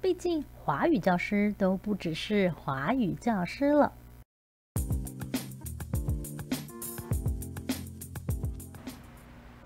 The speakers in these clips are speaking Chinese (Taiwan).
畢竟，華語教師都不只是華語教師了。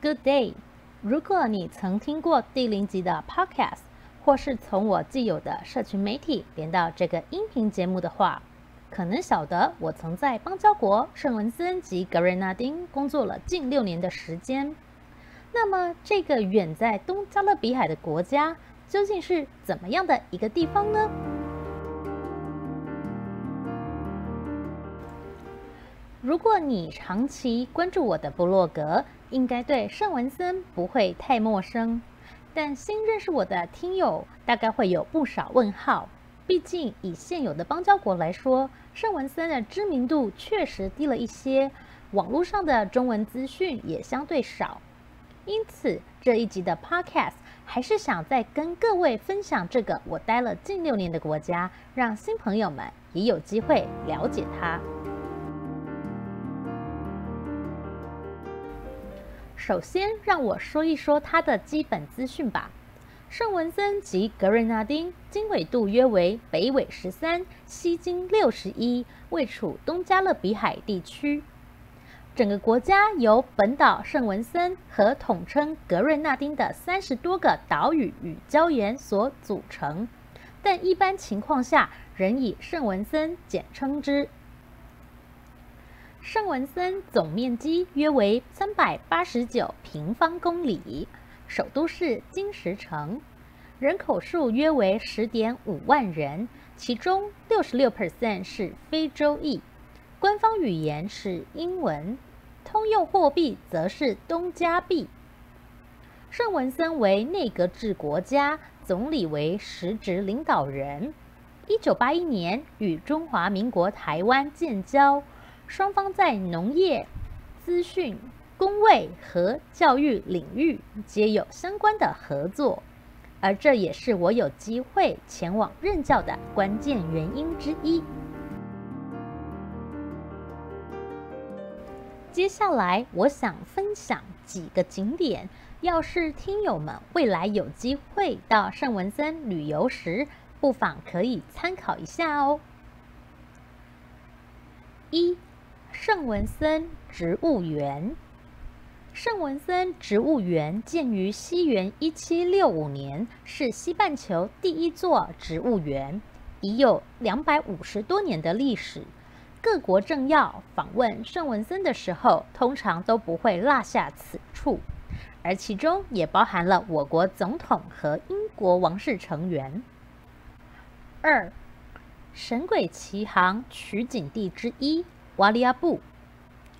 Good day，如果你曾聽過第零集的 podcast，或是從我既有的社群媒體連到這個音頻節目的話，可能曉得我曾在邦交國聖文森及格瑞那丁工作了近六年的時間。那麼，這個遠在東加勒比海的國家，究竟是怎麼樣的一個地方呢？如果你長期關注我的部落格，應該對聖文森不會太陌生。但新認識我的聽友大概會有不少問號。畢竟以現有的邦交國來說，聖文森的知名度確實低了一些，網絡上的中文資訊也相對少。因此這一集的 Podcast，還是想再跟各位分享這個我待了近六年的國家，讓新朋友們也有機會了解它。首先，讓我說一說它的基本資訊吧。聖文森及格瑞那丁，經緯度約為北緯十三，西經六十一，位處東加勒比海地區。整個國家由本島聖文森和統稱格瑞那丁的三十多個島嶼與礁岩所組成，但一般情況下仍以聖文森簡稱之。聖文森總面積約為三百八十九平方公里，首都是金石城，人口數約為十點五萬人，其中六十六 percent 是非洲裔。官方語言是英文，通用貨幣則是東加幣。聖文森為內閣制國家，總理為實質領導人。一九八一年與中華民國台灣建交，雙方在農業、資訊、公衛和教育領域皆有相關的合作，而這也是我有機會前往任教的關鍵原因之一。接下來我想分享幾個景點，要是聽友們未來有機會到聖文森旅遊時，不妨可以參考一下哦。一、聖文森植物園。聖文森植物園建於西元一七六五年，是西半球第一座植物園，已有兩百五十多年的歷史。各國政要訪問聖文森的時候，通常都不會落下此處，而其中也包含了我國總統和英國王室成員。二，神鬼奇航取景地之一瓦利亞布，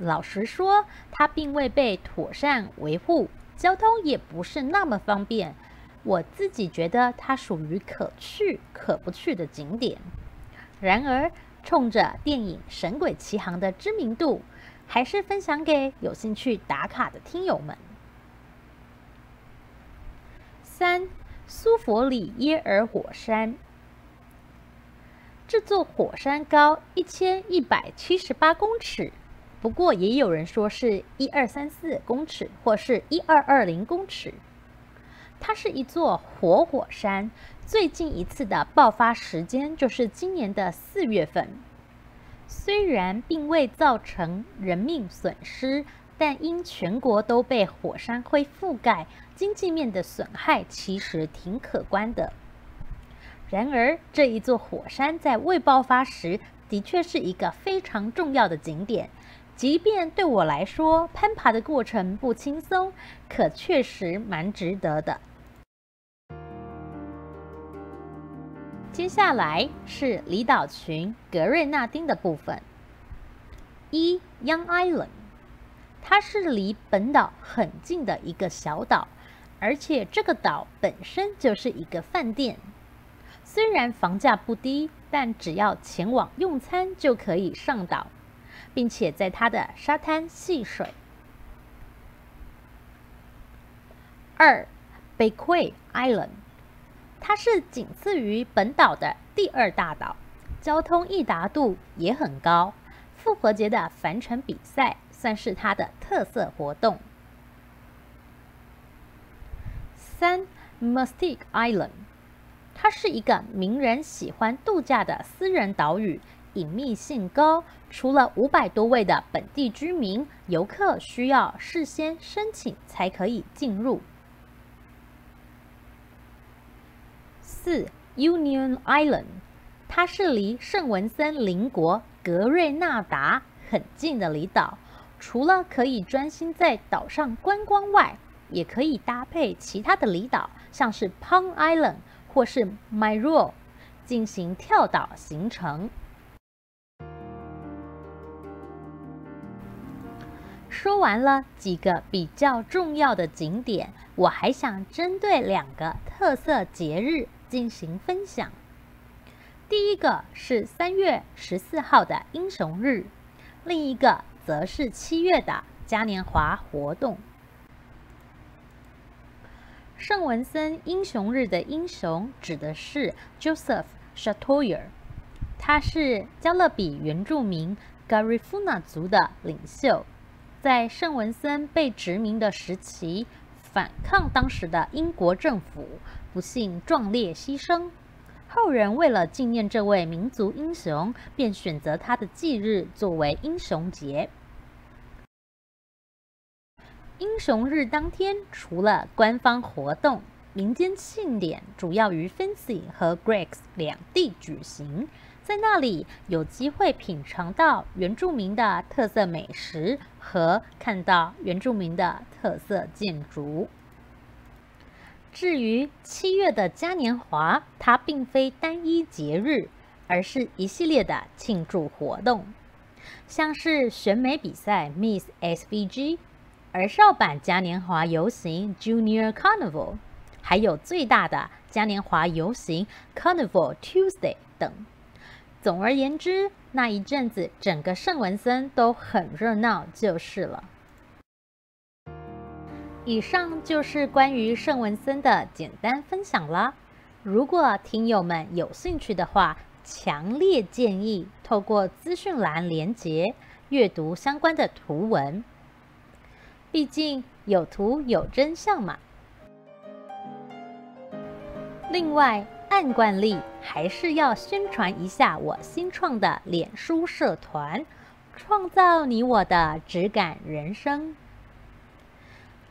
老實說，它並未被妥善維護，交通也不是那麼方便。我自己覺得它屬於可去可不去的景點。然而，衝着電影《神鬼奇航》的知名度，還是分享給有興趣打卡的聽友們。三，蘇佛里耶爾火山，這座火山高一千一百七十八公尺，不過也有人說是一二三四公尺或是一二二零公尺，它是一座活火山。最近一次的爆發時間就是今年的四月份，雖然並未造成人命損失，但因全國都被火山灰覆蓋，經濟面的損害其實挺可觀的。然而，這一座火山在未爆發時的確是一個非常重要的景點，即便對我來說，攀爬的過程不輕鬆，可確實蠻值得的。接下來是離島群格瑞納丁的部分。一 Young Island，它是離本島很近的一個小島，而且這個島本身就是一個飯店。雖然房價不低，但只要前往用餐就可以上島，並且在它的沙灘戲水。二 Bequia Island。它是僅次於本島的第二大島，交通易達度也很高。復活節的帆船比賽算是它的特色活動。三，Mustique Island，它是一個名人喜歡度假的私人島嶼，隱秘性高，除了五百多位的本地居民，遊客需要事先申請才可以進入。四 Union Island，它是離聖文森鄰國格瑞納達很近的離島，除了可以專心在島上觀光外，也可以搭配其他的離島，像是 Palm Island 或是 Mayreau，進行跳島行程。說完了幾個比較重要的景點，我還想針對兩個特色節日進行分享。第一個是三月十四號的英雄日，另一個則是七月的嘉年華活動。聖文森英雄日的英雄指的是 Joseph Chatoyer，他是加勒比原住民 Garifuna 族的領袖，在聖文森被殖民的時期反抗當時的英國政府。不幸壯烈犧牲，後人為了紀念這位民族英雄，便選擇他的忌日作為英雄節。英雄日當天，除了官方活動，民間慶典主要於 Fancy 和 Greggs 兩地舉行，在那裡有機會品嘗到原住民的特色美食和看到原住民的特色建築。至於七月的嘉年華，它並非單一節日，而是一系列的慶祝活動，像是選美比賽 Miss SVG，兒少版嘉年華遊行 Junior Carnival，還有最大的嘉年華遊行 Carnival Tuesday 等。總而言之，那一陣子整個聖文森都很熱鬧，就是了。以上就是關於聖文森的簡單分享啦。如果聽友們有興趣的話，強烈建議透過資訊欄連結閱讀相關的圖文，畢竟有圖有真相嘛。另外，按慣例還是要宣傳一下我新創的臉書社團——創造你我的質感人生。